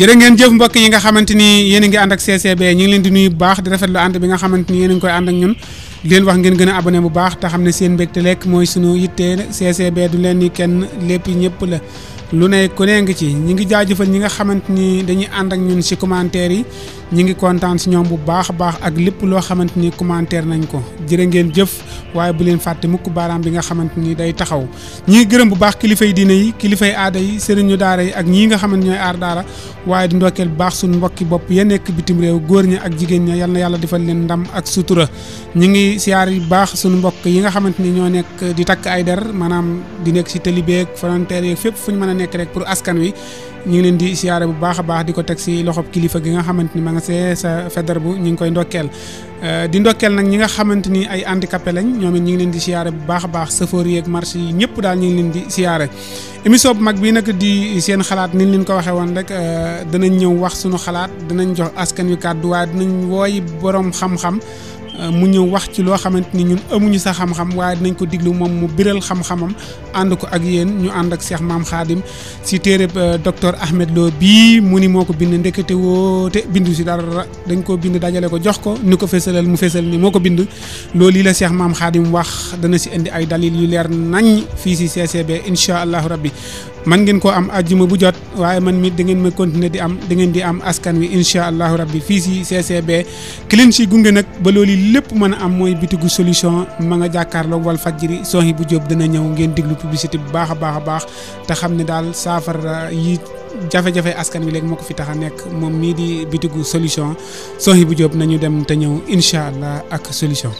jërë ngeen jëf mbokk yi nga xamante ni yéen ngi ànd ak CCB ñu ngi leen di nuyu bu baax di rafetlu ànd bi nga xamante ni yéen ngi koy ànd ak ñun leen wax ngeen gën a abonné bu baax te xam ne seen mbégte lekk mooy sunu yitte CCB du leen ni kenn lépp ñëpp la lu ne ku ne ci ñi ngi jaajëfal ñi nga xamante ni dañuy ànd ak ñun si commentaire yi ñu ngi kontaan si ñoom bu baax a baax ak lépp loo xamante ni commentaire nañ ko jërë ngeen jëf waaye bu leen fàtte mukk baaraam bi nga xamante ni day taxaw ñi gërëm bu baax kilifay diine yi kilifay aada yi sëriñu daara yi ak ñii nga xamante ñooy aar daara waaye di ndokkeel bu baax suñu mbokki bopp ya nekk bitim réew góor ña ak jigéen ña yal na yàlla defal leen ndam ak sutura ñu ngi siyaar yu baax suñu mbokk yi nga xamante ni ñoo nekk di takk ay der maanaam di nekk si talibeeg frontière yeeg fépp fu ñu mën a nekk rek pour askan wi ñu ngi leen di siyaare bu baax a baax di ko teg si loxo kilifa gi nga xamante ni ma nga see sa feder bu ñu ngi koy ndokkeel euh, di ndokkeel nag ñi nga xamante ni ay handicapé lañ ñoom it ñu ngi leen di siyaare bu baax a baax chauffeur yeeg marché yi ñëpp daal ñu ngi leen di siyaare émission bu mag bi nag di seen xalaat ni leen ko waxee woon rek euh, danañ ñëw wax suñu xalaat danañ jox askan wi kàddu waaye dinañ woyi borom xam-xam Euh, mu ñëw wax ci loo xamante ni ñun amuñu sa xam-xam waaye dinañ ko diglu moom mu biral xam-xamam ànd ko ak yéen ñu ànd ak Cheikh Maam xaadim si téereb euh, docteur Ahmed Lo bii mu ni moo ko bind ndekete woote bindu si dara dañ koo bind dajale ko jox ko ni ko fësalal mu fësal ni moo ko bind loolu yi la Cheikh Maam Khadim wax dana si indi ay dalil yu leer nañ fii si CCB incha allahu rabbi man ngeen ko am ajjuma bu jot waaye man mi da ngeen ma continuer di am da ngeen di am askan wi incha allahu rabbi fii si lépp mën a am mooy bitigu solution ma nga jàkkaarloog wal fajjiri soxi bu jóob dana ñëw ngeen diglu publicité bu baax a baax a baax te xam ne daal saafara yi jafe-jafe askan wi léegi moo ko fi tax a nekk moom mii di bitigu solution soxi bu jóob nañu dem te ñëw incha allah ak solution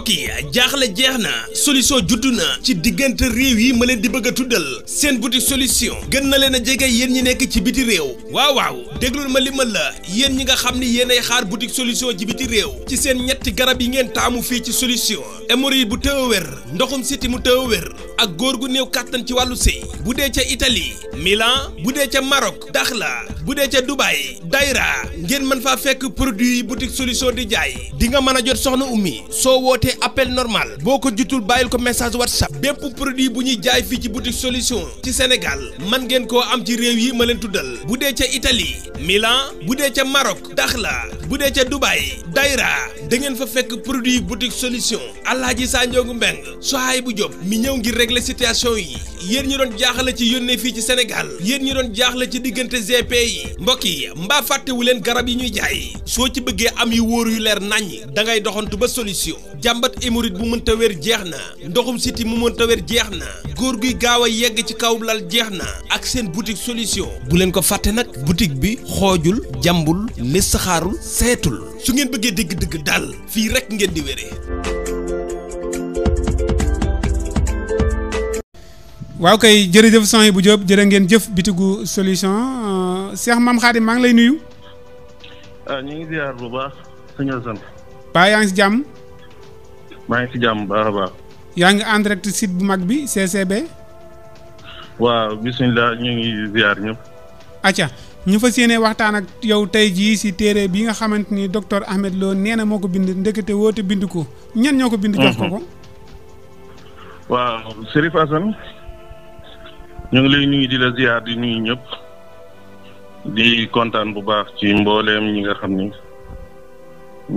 mbokk jaaxle jeex na solution juddu na ci diggante réew yi ma leen di bëgg a tuddal seen buti solution gën na leen a jege yéen ñi nekk ci biti réew waaw waaw déglul ma li ma la yéen ñi nga xam ni yéenay xaar boutique solution ci biti réew ci seen ñetti garab yi ngeen taamu fii ci solution hémorroïde bu tëw a wér ndoxum siti mu tëw a ak góor gu néew kàttan ci wàllu sëy bu dee ca Italie Milan bu dee ca Maroc Daxla bu dee ca Dubaï Daïra ngeen mën faa fekk produit yi boutique solution di jaay di nga mën a jot soxna wootee appel normal boo ko jutul bàyyil ko message whatsapp bépp produit bu ñuy jaay fii ci boutique solution ci Sénégal man ngeen koo am ci réew yi ma leen tuddal bu dee ca Italie Milan bu dee ca Maroc Dakhla bu dee ca Dubai Daira da ngeen fa fekk produit boutique solution Alaaji Sanjoogu Mbeng soaay bu Jóob mi ñëw ngir régler situation yi yéen ñi doon jaaxle ci yónnee fii ci Sénégal yéen ñi doon jaaxle ci diggante GP yi mbokk yi mbaa fàttewu leen garab yi ñuy jaay soo ci bëggee am yu wóor yu leer naññ njàmbat hémorroïde bu mënta wér jeex na ndoxum siti mu mënta wér jeex na góor guy gaaw a yegg ci kaw lal jeex na ak seen boutique solution bu leen ko fàtte nag boutique bi xoojul jàmbul listaxaarul seetul su ngeen bëggee digg digg daal fii rek ngeen di wéree. waaw kay jërëjëf son bu Diop jërë ngeen jëf bitigu solution euh, Cheikh maa ngi lay nuyu. ah bu baax yaa ngi jàmm. maa ngi ci jàmm baax a baax. yaa ngi en direct bu mag bi CCB. waaw bisimilah ñu ngi ziar ñëpp. acca ñu fa yéene waxtaan ak yow tey jii si téere bi nga xamante ni docteur Ahmed Lo nee na moo ko bind ndekete woote bind ko ñan ñoo ko bind. jox ko ko. Mhm. waaw Serif ñu ngi lay ñu ngi di la ziar di nuyu ñëpp di kontaan bu baax ci mbooleem ñi nga xam ni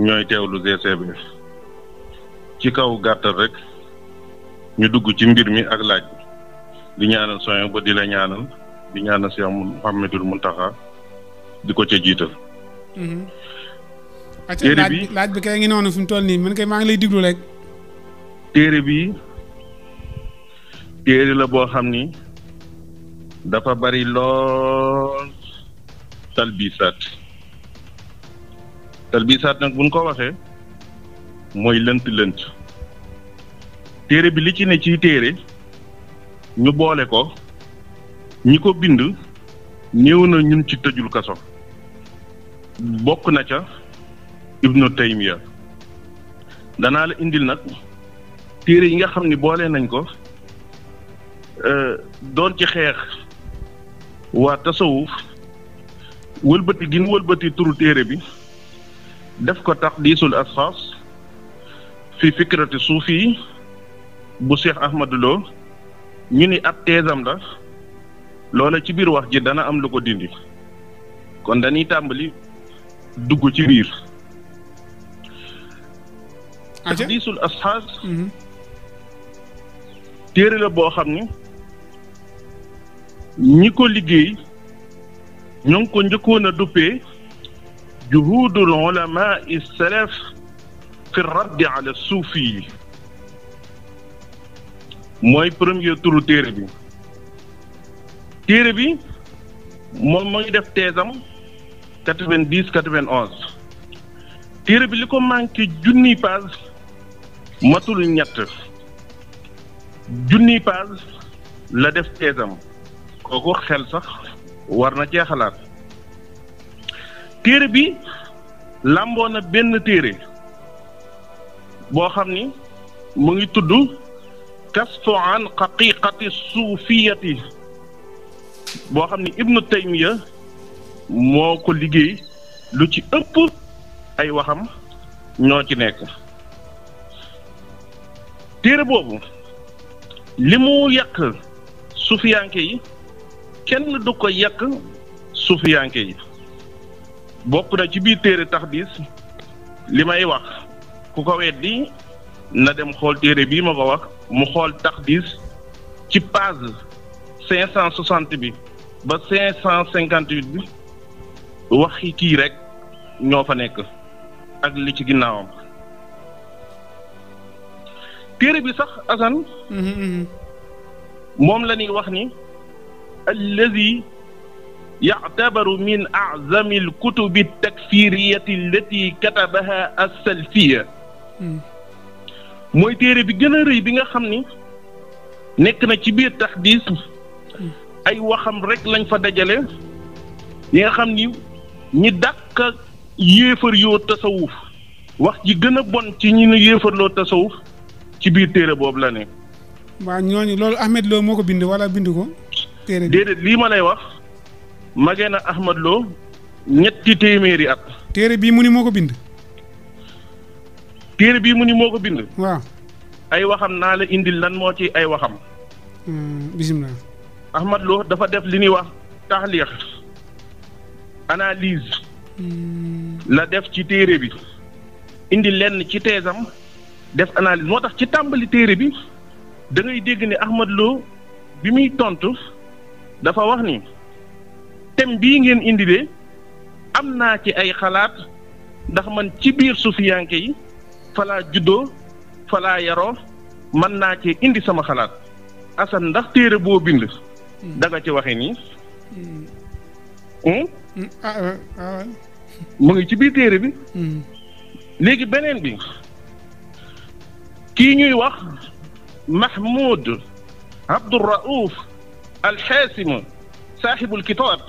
ñooy teewlu GCB. ci kaw gàttal rek ñu dugg ci mbir mi ak laaj bi di ñaanal soño ba di la ñaanal di ñaanal Cheikh Mouhamadul Mountakha di ko ca jiital. Mhm. téere bi laaj bi kay ngi noonu fi mu toll nii man kay maa ngi lay diglu rek. téere bi téere la boo xam ni dafa bari lool talbisaat talbisaat nag buñ ko waxee. mooy lënt lënt téere bi li ci ne ciy téere ñu boole ko ñi ko bind néew na ñun ci tëjul kaso bokk na ca ibnu taymiya danaa la indil nag téere yi nga xam ni boole nañ ko euh, doon ci xeex waa tasawuf wëlbati gin wëlbati turu téere bi def ko tax diisul asxaas fi fikrati suufi bu Cheikh Ahmadou Lo ñu ni ab teesam la loola ci biir wax ji dana am lu ko dindi kon dañuy tàmbali dugg ci biir taqdiisul asxaas mm-hmm. téere la boo xam ne ñi ko liggéey ñoo ko njëkkoon a duppee juhuudul ulamaa salaf fi raddi ala suufi yi mooy premier turu téere bi téere bi moom ma ngi def teesam quatre-vingt-dix quatre-vingt-onze téere bi li ko manqué junniy page matul ñett junniy page la def teesam kooku xel sax war na cee xalaat téere bi làmboo na benn téere boo xam ni mu ngi tudd kasfu an xaqiqati suufiyati boo xam ni ibnu taymiya moo ko liggéey lu ci ëpp ay waxam ñoo ci nekk téere boobu li mu yàq suufiyanke yi kenn du ko yàq suufiyanke yi bokk na ci biir téere taxdiis li may wax ku ko weddi na dem xool téere bii ma ko wax mu xool tax taxdis ci page cinq cent bi ba cinq cent cinquante huit bi rek ñoo fa nekk ak li ci ginnaawam téere bi sax asan mhm, mhm. moom la ñuy wax ni allazi yactabaru min aczami alkutubi altakfiriyati allati katabaha alsalfiya Hmm. mooy téere bi gën a rëy bi nga xam ni nekk na ci biir tax taxdiis hmm. ay waxam rek lañ fa dajale yi nga xam ni ñi dàq yéefar yoo tasawuf wax ji gën a bon ci ñi nu yéefarloo tasawuf ci biir téere boobu la ne. waaw ñooñu loolu Ahmed Lo moo ko bind wala bind ko. téere bi déedéet lii ma lay wax. magee na Ahmed Lo ñetti téeméeri at. téere bii mu ni moo ko bind. téere bii mu ni moo ko bind. ay waxam naa la indil lan moo ci ay waxam. Hmm, bisimilah. Ahmad Lo dafa def li ñuy wax taxliix analyse. Hmm. la def ci téere bi. indi lenn ci teesam def analyse moo tax ci tàmbali téere bi da ngay dégg ne Ahmad Lo bi muy tontu dafa wax ni tem bii ngeen indi de am naa ci ay xalaat ndax man ci biir sufiyanke yi. falaa juddoo falaa yaroo mën naa cee indi sama xalaat Assane ndax téere boo bind hmm. da ci waxe nii hmm. Hmm? Ah, ah, ah, mu ngi ci biir téere bi léegi beneen bi kii ñuy wax Mahmoud Abdouraouf Alxaasim saaxibul kitaab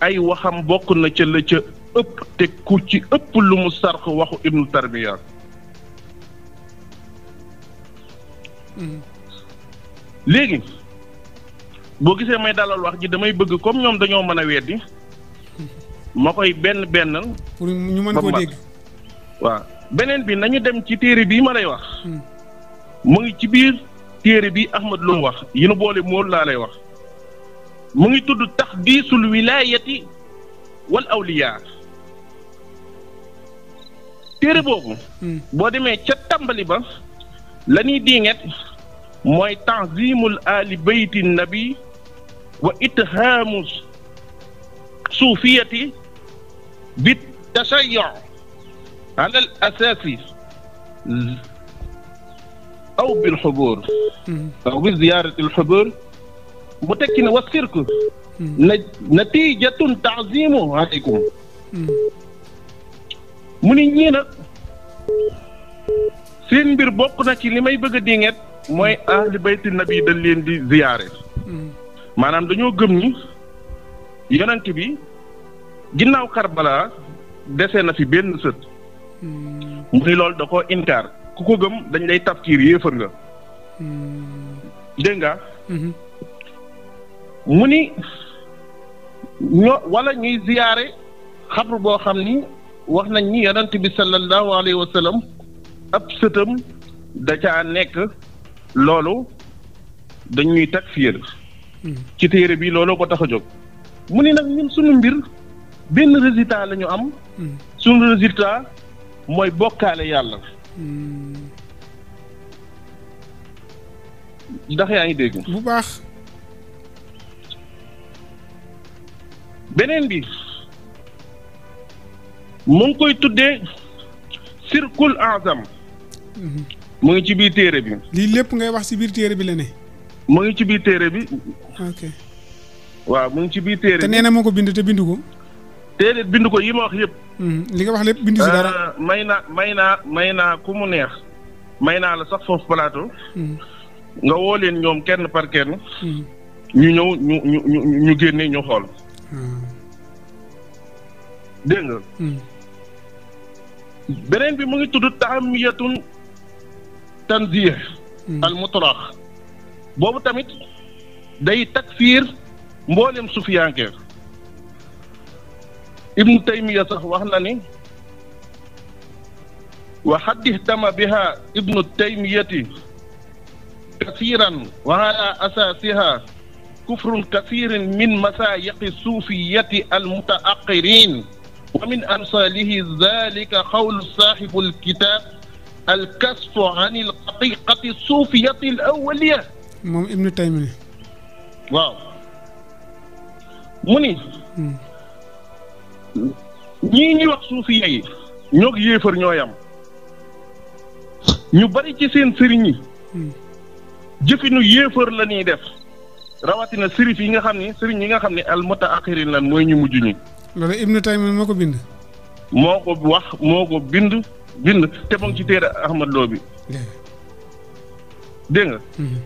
ay waxam bokk na ca ca ëpp te ku ci ëpp lu mu sarx waxu ibnu tarbiya mm-hmm. léegi boo gisee may dalal wax ji damay bëgg comme ñoom dañoo mën a weddi ma koy benn benn. pour ñu mën koo dégg. waaw beneen bi nañu dem ci téere bii ma lay wax. Mm. mu ngi ci biir téere bi Ahmad Lo wax yi nu boole mool laa lay wax mu ngi tudd taxdiisul wilaayati wal awliyaa téere boobu. Hmm. boo demee ca tàmbali ba la ñuy diinget mooy tanzimul ali wa ithamu suufiyati bi tashayu al asasi aw bil xubur hmm. aw bi ziyaarati al xubur bu ne wa sirku hmm. na natiijatun taazimu aleykum mu ni ñii nag mbir bokk na ci li may bëgg a dinget mooy ahli bayti nabi dañ leen di ziyaare maanaam dañoo gëm ni yonent bi ginnaaw Karbala dese na fi benn sët mu ni loolu da ko inkaar ku ko gëm dañ lay tafkiir yéefar nga dégg nga mu ni ñoo wala ñuy ziyaare xabru boo xam ni wax nañ ni yonent bi sallallahu alayhi wa sallam ab sëtam da ca nekk loolu dañuy fiir hmm. ci téere bi looloo ko tax a jóg mu ni nag ñun suñu mbir benn résultat la am hmm. suñu résultat mooy bokkaale yàlla hmm. ndax yaa ngi dégg bu baax beneen bi mu ngi koy tuddee circul azam mu ngi ci biir téere bi. lii lépp ngay wax si biir téere bi la ne. mu ngi ci biir téere bi. ok. waaw mu ngi ci biir téere bi te nee na moo ko bind te bindu ko. téere bind ko yi ma wax yëpp. Mhm. li nga wax lépp bind si dara. Euh, may naa may naa may naa ku mu neex. may naa la sax foofu plateau. Mhm. nga woo ñoom kenn par kenn. Mhm. ñu ñëw ñu ñu ñu génne ñu xool. Ah. dégg beneen bi mu ngi tudd tahamiyatun tanzih hmm. al mutlaq boobu tamit day takfiir mboolem sufiyanke ibnu taymiya sax wax na ni biha ibnu taymiyati kasiran wa ala asaasiha kufrun min masaayiqi suufiyati al mutaaqirin wa min amsalihi dalika qawlu saaxibu alkitab alkasfu an alxaqiqati suufiyati al awaliya moom ibnu taymiya waaw mu ni hmm. ñii ñuy wax suufiya yi ñoog yéefar ñooy am ñu bari ci seen sëriñ yi hmm. jëfinu yéefar la ñuy def rawatina sërif yi nga xam ni sëriñ yi nga xam ne al mutaaxirin lan mooy ñu mujj loolu Ibnu Taymiya moo ko bind. moo ko wax moo ko bind bind te mu ci téere Ahmad Lo bi. dégg mm-hmm.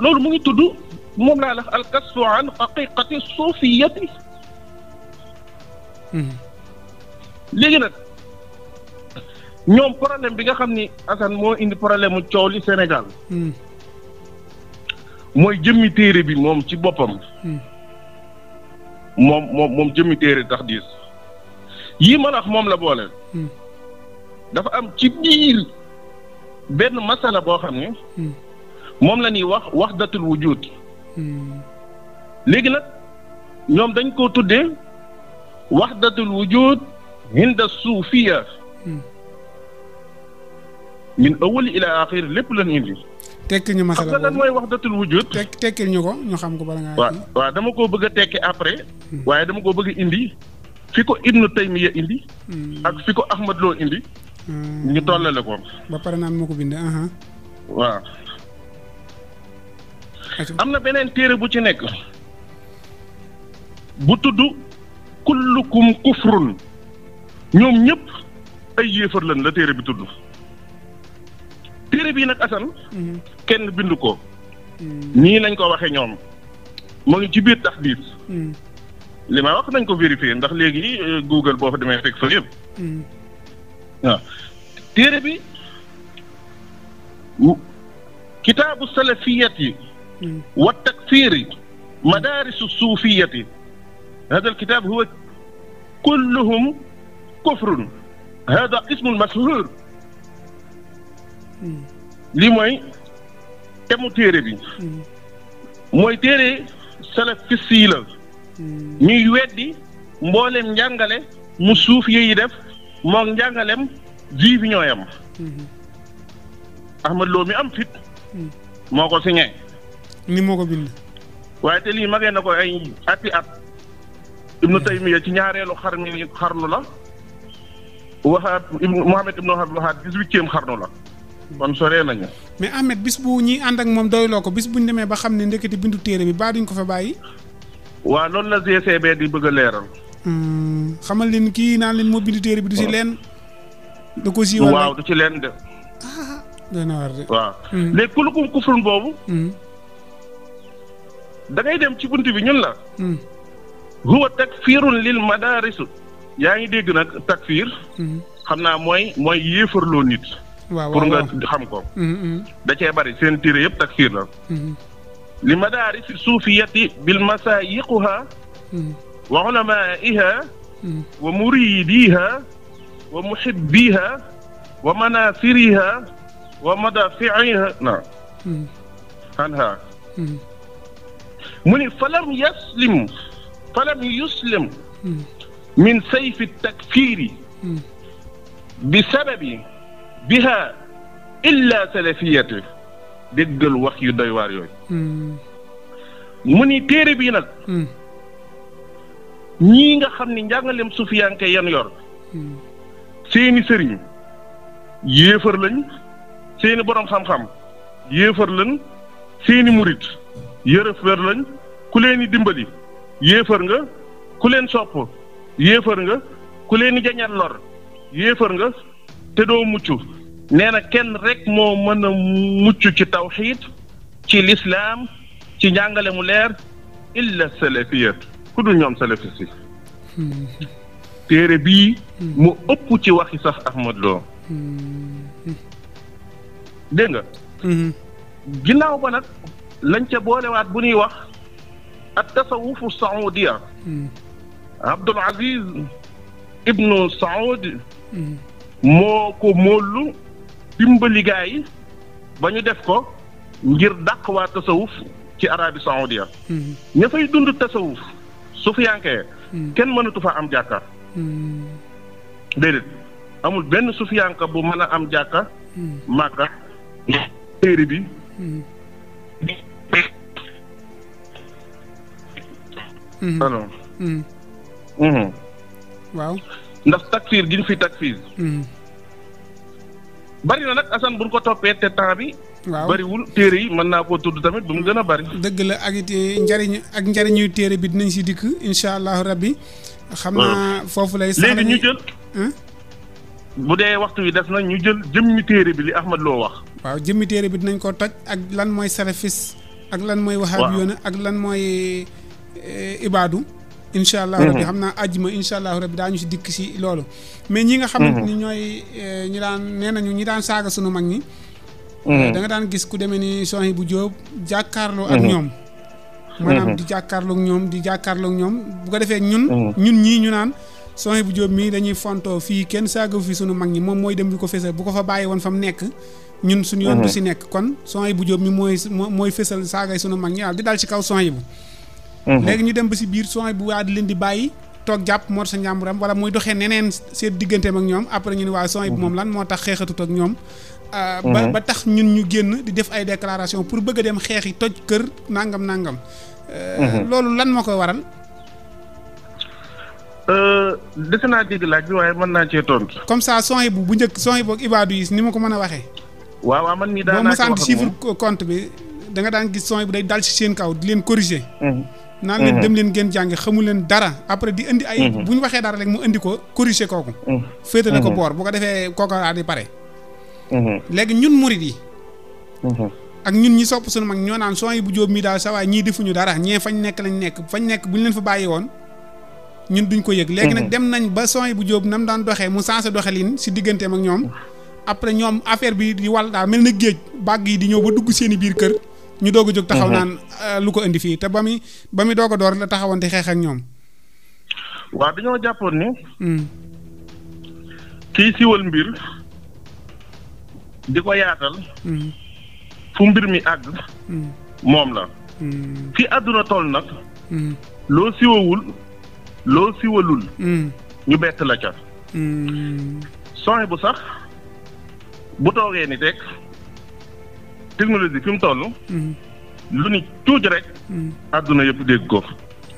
loolu mu ngi tudd moom laa la al kasfu an mm-hmm. léegi nag ñoom problème bi nga xam ni Assane moo indi problème mu coow li Sénégal. Mm-hmm. mooy jëmmi téere bi moom ci boppam. moom moom moom jëmmi téere tax diis yii ma moom la boole. Hmm. dafa am ci biir benn masala boo xam ne. Hmm. moom la ñuy wax waxdatul wujud. Hmm. léegi nag ñoom dañ koo tuddee waxdatul wujud hinda suufiya min awwal ila axir lépp lañ indi. tekki ñu masala boobu xam nga lan mooy wahdatul wujud. tekk tekkil ñu ko ñu xam ko bala ngaa. waaw dama koo bëgg a tekki après. Hmm. waaye dama koo bëgg indi. fi ko Ibnu Taymiya indi. Hmm. ak fi ko Ahmad Lo indi. Hmm. ñu tollale ko. ba pare naa moo ko bindee. waa am na beneen téere bu ci nekk. bu tudd kullukum kufrun ñoom ñëpp ay yéefar lan la téere bi tudd. téere bii nag Assane. Mhm. kenn bindu ko. Mhm. nii lañ ko waxee ñoom. mu ngi ci biir tax diis. Mhm. li ma wax nañ ko vérifier ndax léegi euh, Google boo fa demee fekk fa yëpp. téere bi kitaabu salafiyati wa takfiri madaarisu suufiyati hada alkitaab huwa kulluhum kufrun hada ismul mashhur lii mooy temu téere bi mooy téere salafis yi la ñuy weddi mboolem njàngale mu suuf yi def moog njàngalem juif ñoo yam Ahmad Lo mi am fit moo ko signé ni moo ko bind waaye te lii magee na ko ay ati at Ibnu Taymiya ci ñaareelu xar xarnu la waxaat Muhammad ibnu Abdul Wahhab dix-huitième xarnu la kon soree nañu. mais Ahmed bis bu ñuy ànd ak moom doyloo ko bis bu ñu demee ba xam ne ndekete bindu téere bi baa duñ ko fa bàyyi. waaw loolu la GCB di bëgg a leeral. Hmm, xamal leen kii naan leen moo bindu téere bi du si leen. da ko siiwal waaw du ci leen de. ah dana war de. waaw hmm. ku lukum boobu. Hmm. da dem ci bunt bi ñun la. huwa takfiirun lil madaaris yaa ngi dégg nag takfiir. xam naa mooy mooy loo nit. waaw pour nga xam ko. Mm-hmm, mm-hmm. da cee yëpp taksiir la. Mm-hmm. li madaaris suufiyati bil wa ulamaiha wa muridiha wa muhibbiha wa manasiriha wa madafiiha na anha mu ni falam yaslim falam biha illa salafiyatu déggal wax yu doy waar yooyu. Hmm. mu ni téere bii nag. Hmm. ñii nga xam ni njàngaleem sufiyanke yan yor. Hmm. seeni sëriñ yéefar lañ seeni borom xam-xam yéefar lañ seeni murit yërëfër lañ ku leen di dimbali yéefar nga ku leen sopp yéefar nga ku leen di jañal lor yéefar nga te doo mucc. nee na kenn rekk moo mën a mucc ci tawxiid ci lislaam ci njàngale mu leer illa salafiyat ku dul ñoom salafis yi téere bii mu ëpp ci waxi sax Ahmad Lo dégg nga ginnaaw ba nag lañ ca boolewaat bu ñuy wax ak tasawufu saudiya Abdul Aziz ibnu mm-hmm. moo ko móollu dimbali gaa yi ba ñu def ko ngir dàq waa tasawuf ci arabi saoudia hmm. ña fay dund tasawuf sufiyankee hmm. kenn mënatu fa am jàkka hmm. déedéet amul benn sufiyanka bu mën a am jàkka màkka téere bi ndax takfiir gi ñu fi takfiir bari na nag Assane buñ ko toppee te temps bi. waaw bariwul téere yi mën naa koo tudd tamit bu mu gën a bari. dëgg la ak it eh, njariñ ak njariñuy téere bi dinañ si dikk incha allahu rabbi. xam naa foofu lay. léegi ñu jël. bu dee waxtu wi def na ñu jël jëmmi téere bi li Ahmad loo wax. waaw jëmmi téere bi dinañ ko toj ak lan mooy salafis. ak lan mooy. waaw waxaabiyoona ak lan mooy eh, ibaadu. incha allah mhm. rabbi xam naa àjjuma incha allah rabbi daañu si dikk si loolu mais ñi nga xam mhm. ni ñooy eh, ñi daan nee nañu ñi daan saaga sunu mag ñi mhm. eh, danga daan gis ku demee ni soxna bu jóob jàkkaarloo ak ñoom maanaam di jàkkaarloog ñoom di jàkkaarloog ñoom bu ko defee ñun ñun ñii ñu naan soxna bu jóob mii dañuy fontoo fii kenn saagawu fi sunu mag ñi moom mooy dem bi ko fésal bu ko fa bàyyi woon fa mu nekk ñun suñu yoon du si nekk kon soxna bu jóob mi mooy mooy fésal saagay sunu mag ñi daal di dal ci kaw soxna bu Mhm. léegi ñu dem ba si biir soin bu waa di leen di bàyyi toog jàpp moo sa njàmburam wala mooy doxee neneen seen digganteem ak ñoom après ñu ne waa soin bi mhm. moom lan moo tax xeexatut ak ñoom euh, mhm. ba tax ñun ñu génn di def ay déclaration pour bëgg a dem xeexi toj kër nangam nangam euh, loolu lan moo koy waral euh, dese naa dégg laaj bi waaye mën comme ça soxna bu bu njëkk soxna boog ibaadu ni ma ko mën a waxee. waaw waaw man mii daan naa ci wax ak moom boo mosaan di chiffre compte bi da nga daan gis soxna bu day dal ci seen kaw di leen corriger. naan leen mhm. dem leen ngeen jàngi xamu leen dara après di indi ay mhm. bu ñu waxee dara rek mu indi ko corriger kooku mhm. féetale ko boor bu ko defee kooku daal di pare léegi ñun murit yi ak ñun ñi sopp suñu mag ñoo naan son yi bu jóob mi daal sa waay ñii defuñu dara ñee fañ nekk lañ nekk fañ nekk bu ñu leen fa bàyyi woon ñun duñ ko yëg léegi nag dem nañ ba son bu jóob nam daan doxee mu sensé doxalin si digganteem ak ñoom après ñoom affaire bi di wal daal mel na géej bàgg yi di ñëw ba dugg seen i biir kër ñu doog a jóg taxaw mhm. naan euh, lu ko indi fii te ba muy ba muy doog a door la taxawante xeex ak ñoom. waaw dañoo jàppoon ni. Mm. kiy siwal mbir di ko yaatal. Mm. fu mbir mi àgg. Mm. moom la. fi àdduna toll nag. loo siwawul loo siwalul. ñu bett la ca. sooy bu sax bu toogee ni teg. technologie fi mu toll. Hmm. lu ni tuuti rek. Hmm. àdduna yëpp dégg ko.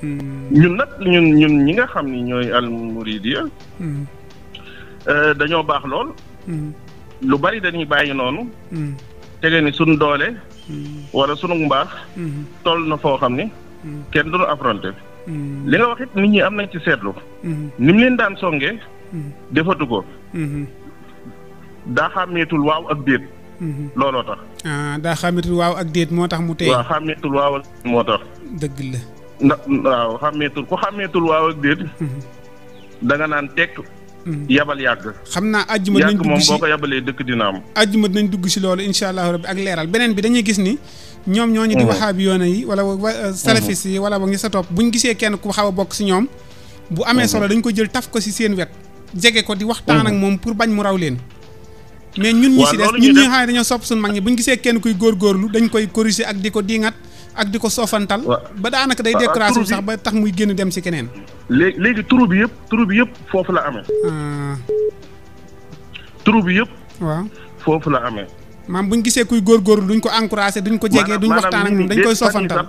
Hmm. ñun nag ñun ñun ñi nga xam ni ñooy almuridiya euh, dañoo baax lool. lu bari dañuy bàyyi noonu. tege ni suñ doolee wala sunu mbaax. toll na foo xam ni. kenn duñu affronté. li nga wax it nit ñi am nañ ci seetlu. ni mu leen daan songee. defatu ko. daa xàmmeetul waaw ak déet. looloo tax. Ah, daa xàmmeetul waaw ak déet moo tax mu tey. waaw xàmmeetul waaw ak moo dëgg la. ndax waaw xàmmeetul ku xàmmeetul waaw ak déet. Mm-hmm. da nga naan tekk. Mm-hmm. yabal yàgg. xam naa àjjuma dinañ dugg moom boo ko yabalee dëkk dina am. àjjuma dinañ dugg si loolu incha allah bi ak leeral beneen bi dañuy gis ni. ñoom ñoo ñooñu di mm-hmm. waxaabi yoona yi wala wa uh, salafis yi wala wa ngi sa topp buñ gisee kenn ku xaw a bokk si ñoom. bu amee solo dañ ko jël taf ko si seen wet. jege ko di waxtaan ak moom pour bañ mu raw leen. mais ñun ñi si des ñun ñi xaay dañoo sopp suñu mag ñi bu gisee kenn kuy góorgóorlu dañ koy corriger ak di ko diingat ak di ko soofantal ba daanaka day découragé sax ba tax muy génn dem si keneen léegi léegi turu bi yëpp turu bi yëpp foofu la amee ah. turu bi yëpp waaw foofu la amee maam bu ñu gisee kuy góor góorgóorlu duñ ko encouragé duñ ko jegee duñ waxtaan ak moom dañ koy soofantal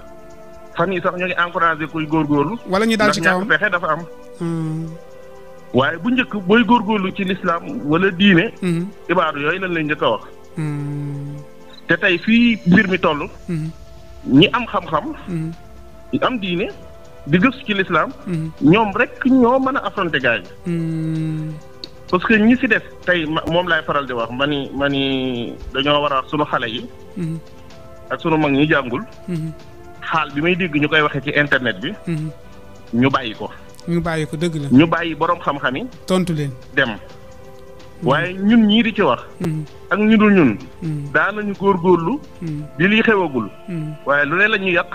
fan yi sax ñoo ngi encouragé kuy góor góorgóorlu wala ñu dal ci kawam pexe dafa am hmm. waaye bu njëkk booy góor góorlu ci lislaam wala diine. Hmm. ibaadu yooyu lañ lañ njëkk a wax. Hmm. te tey fii mbir mi toll. Hmm. ñi am xam-xam. am diine di gës ci lislaam ñoom rek ñoo mën a affronter gars yi. parce que ñi si def tey moom laay faral di wax ma ni ma ni dañoo war a sunu xale yi. ak sunu mag ñi jàngul. xaal bi may dégg ñu koy waxee ci internet bi. ñu bàyyi ko. ñu bàyyi ko dëgg la. ñu bàyyi borom xam-xam yi. tontu leen dem. Mm. waaye ñun ñii di ci wax. Mm. ak ñu dul ñun. Mm. daanañu góorgóorlu. di lii xewagul. waaye lu ne la ñuy yàq.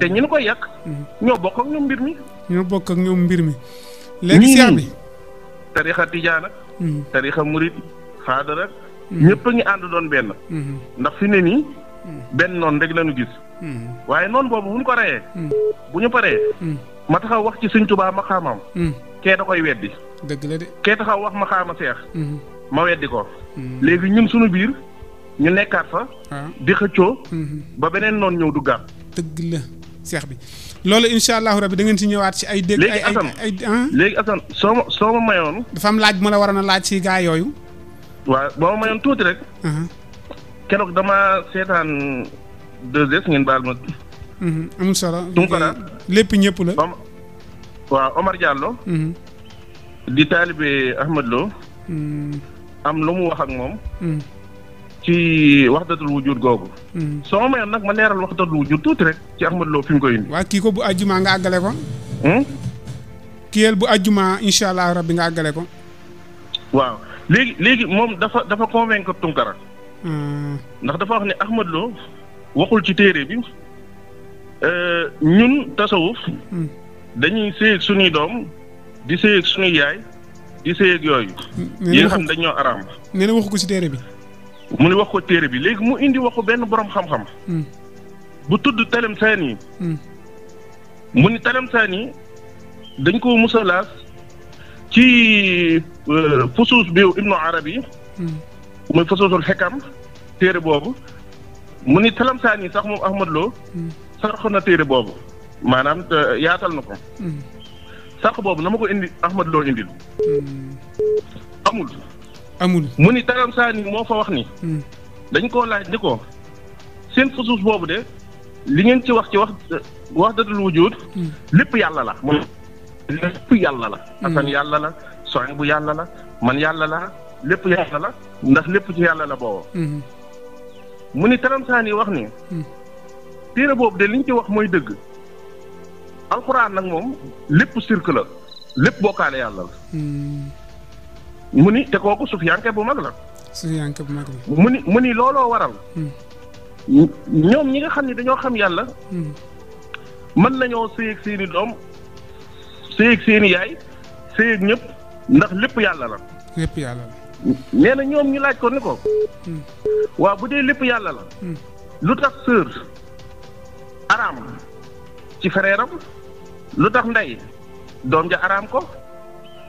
te ñi ñu koy yàq. ñoo bokk ak ñoom mbir mi. ñoo bokk ak ñoom mbir mi. léegi si bi tarixa tijaan ak. tarixa murit xaadar ak. ñëpp ngi ànd doon benn. ndax fi ne nii. benn noon rek lañu gis. waaye noonu boobu bu ñu ko reyee. bu ñu paree. ma taxaw wax ci suñ tubaa maxaamam. Hmm. kee da koy weddi. dëgg la de kee taxaw wax maxaama seex. Hmm. ma weddi ko. Hmm. léegi ñun suñu biir ñu nekkaat fa. di xëccoo. ba beneen noonu ñëw duggaat. dëgg la seex bi loolu incha allahu rabi da ngeen si ñëwaat si ay. dégg ay ay ay ah. léegi Assane soo ma soo ma mayoon. dafa am laaj ma la war a laaj si gaa yooyu. waaw boo ma mayoon tuuti rek. keroog dama seetaan deux ngeen baal ma. amul solo. tunkara lépp ñëpp la. waaw Omar Diallo. Mm-hmm. di taalibe Ahmed Lo. Mm-hmm. am lu mu wax ak moom. Mm-hmm. ci waxdatul wujud googu. soo ma nag ma leeral waxdatul wujud tuuti rek ci Ahmed Lo fi mu koy indi. waa kii ko bu àjjuma nga àggale ko. Hmm? kiyel bu àjjuma incha allah bi nga àggale ko. waaw léegi léegi moom dafa dafa convaincre Tunkara. Ah. ndax dafa wax ne Ahmed Lo waxul ci téere bi. Euh, ñun tasawuf dañuy séyeeg suñuy doom di séyeeg suñuy yaay di séyeeg yooyu. yi nga xam dañoo araam. nee na waxu ko si téere bi. mu ne wax ko téere bi léegi mu indi waxu benn boroom xam-xam. Hmm. bu tudd Talim Saani. Hmm. mu ni Talim Saani dañ ko musa laas ci euh, fusuus bi Ibnu Arabi. Hmm. muy fusuusul xekam téere boobu mu ni Talim yi sax moom Ahmad Lo. sarx na téere boobu maanaam yaatal na ko. Hmm. sarx boobu na ma ko indi Ahmad loo indil. Hmm. amul. amul mu ni Taram Sani moo fa wax ni. Hmm. dañ koo laaj ni ko seen fusuus boobu de li ngeen ci wax ci wax wax datul wujud lépp yàlla la mu lépp yàlla la. asan yàlla la soñ bu yàlla la man yàlla la lépp yàlla la ndax lépp ci yàlla la boobu. mu ni Taram wax ni. téere boobu de li ñu ci wax mooy dëgg alxuraan nag moom lépp sirk la lépp bokkaale yàlla la. Hmm. mu ni te kooku sufiyanke bu mag la. bu mag la. mu ni mu ni looloo waral. Hmm. ñoom ñi nga xam ne dañoo xam yàlla. Hmm. mën nañoo séyeeg seeni doom séyeeg seeni yaay séyeeg ñëpp ndax lépp yàlla la. lépp yàlla la. nee na ñoom ñu laaj ko ni ko. waaw bu dee lépp yàlla la. lu tax sër. araam ci frère am lu tax ndey doom ja araam ko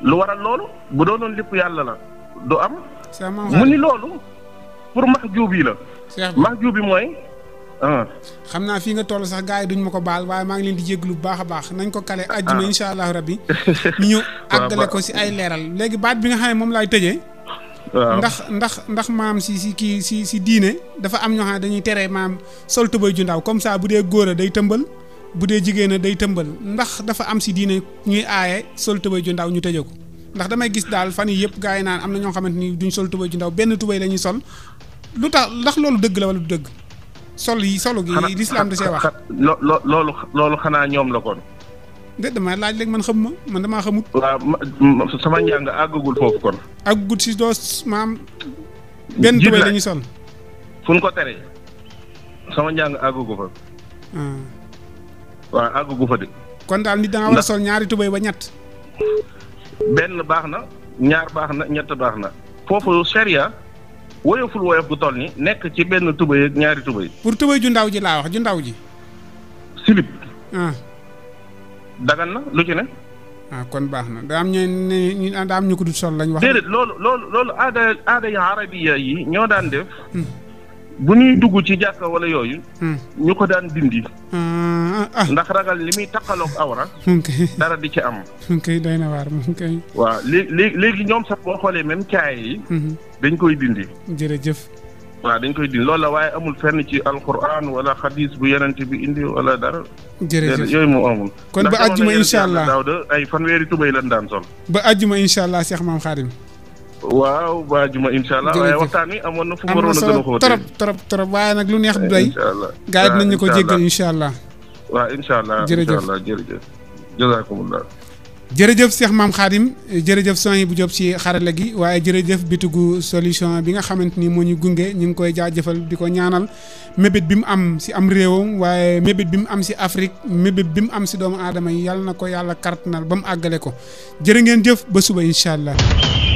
lu waral loolu bu doonoon lépp yàlla la du am. mu ni loolu pour mahjuub yi la. mahjuub yi mooy. Ah. xam naa fii nga toll sax gars yi duñ ma ko baal waaye maa ngi leen di jéglu bu baax a baax nañ ko kale. ajjuma ah. incha allahu rabbi ñu àggale ko si ay leeral léegi baat bi nga xam ne moom laay tëjee. ndax ndax ndax maam si si kii si si diine dafa am ñoo xam ne dañuy tere maam sol tubéy ju ndaw comme saa bu dee góor a day tëmbal bu dee jigéen a day tëmbal ndax dafa am si diine ñuy aaye sol tubéy ju ndaw ñu tëjee ko ndax damay gis daal fan yi yëpp gars yi naan am na ñoo xamante ni duñ sol tubéy ju ndaw benn tubéy la ñuy sol lu tax ndax loolu dëgg la wala du dëgg sol yi solu gi lislaam di see wax loolu loolu xanaa ñoom la kon déet damay laaj léegi man xamuma man damaa xamut. waaw sama njàng àggagul foofu kon. àggagul si doo maam. benn tubéy la sol. fu ko tere sama njàng àggagu fa. Ah. waaw àggagu fa de. kon daal nit da war a sol ñaari tubéy ba ñett. benn baax na ñaar baax na ñett baax na foofu sharia woyoful woyof gu toll ni nekk ci benn tubéy ak ñaari tubéy. pour tubéy ju ndaw ji laa wax ju ndaw ji. silip. Ah. dagal na lu ci ne. ah kon baax na daa am ñu ñu ñu ko du sol lañ wax. déedéet loolu loolu loolu aada aada yi arabiya yi ñoo daan def. Hmm. bu ñuy dugg ci jàkka wala yooyu. Hmm. ñu ko daan dindi. Ah, ah, ah. ndax ragal li muy takkaloog awra. dara di ci am. kay doy na waar moom kay. waaw léegi léegi ñoom sax boo xoolee même caay yi. Hmm. dañ koy dindi. jërëjëf. waaw dañ koy dindi loolu la waaye amul fenn ci alquran wala xadis bu yenente bi indi wala dara. jërëjëf yooyu moo amul. kon ba àjjuma incha allah daaw de ay fanweeri tubay lan daan sol. ba àjjuma incha allah Cheikh Mame Khadim. waaw ba àjjuma incha allah. waaye waxtaan wi amoon na fu mu waroon a gën a xóotee trop trop trop waaye nag lu neex du doy. incha allah gaa yi dinañu ko jéggal incha allah. waaw incha allah jërëjëf jërëjëf jazaakumullah jërëjëf Cheikh Maam Khadim jërëjëf soñ bu job ci xarala gi waaye jërëjëf bitigu solution bi nga xamante ni moo ñu gunge ñu ngi koy jëfal di ko ñaanal mébét bi mu am si am réewam waaye mébét bi mu am si Afrique mébét bi mu am si doomu aadama yi yàlla na ko yàlla kartanal ba mu àggale ko jërë ngeen jëf ba suba incha allah.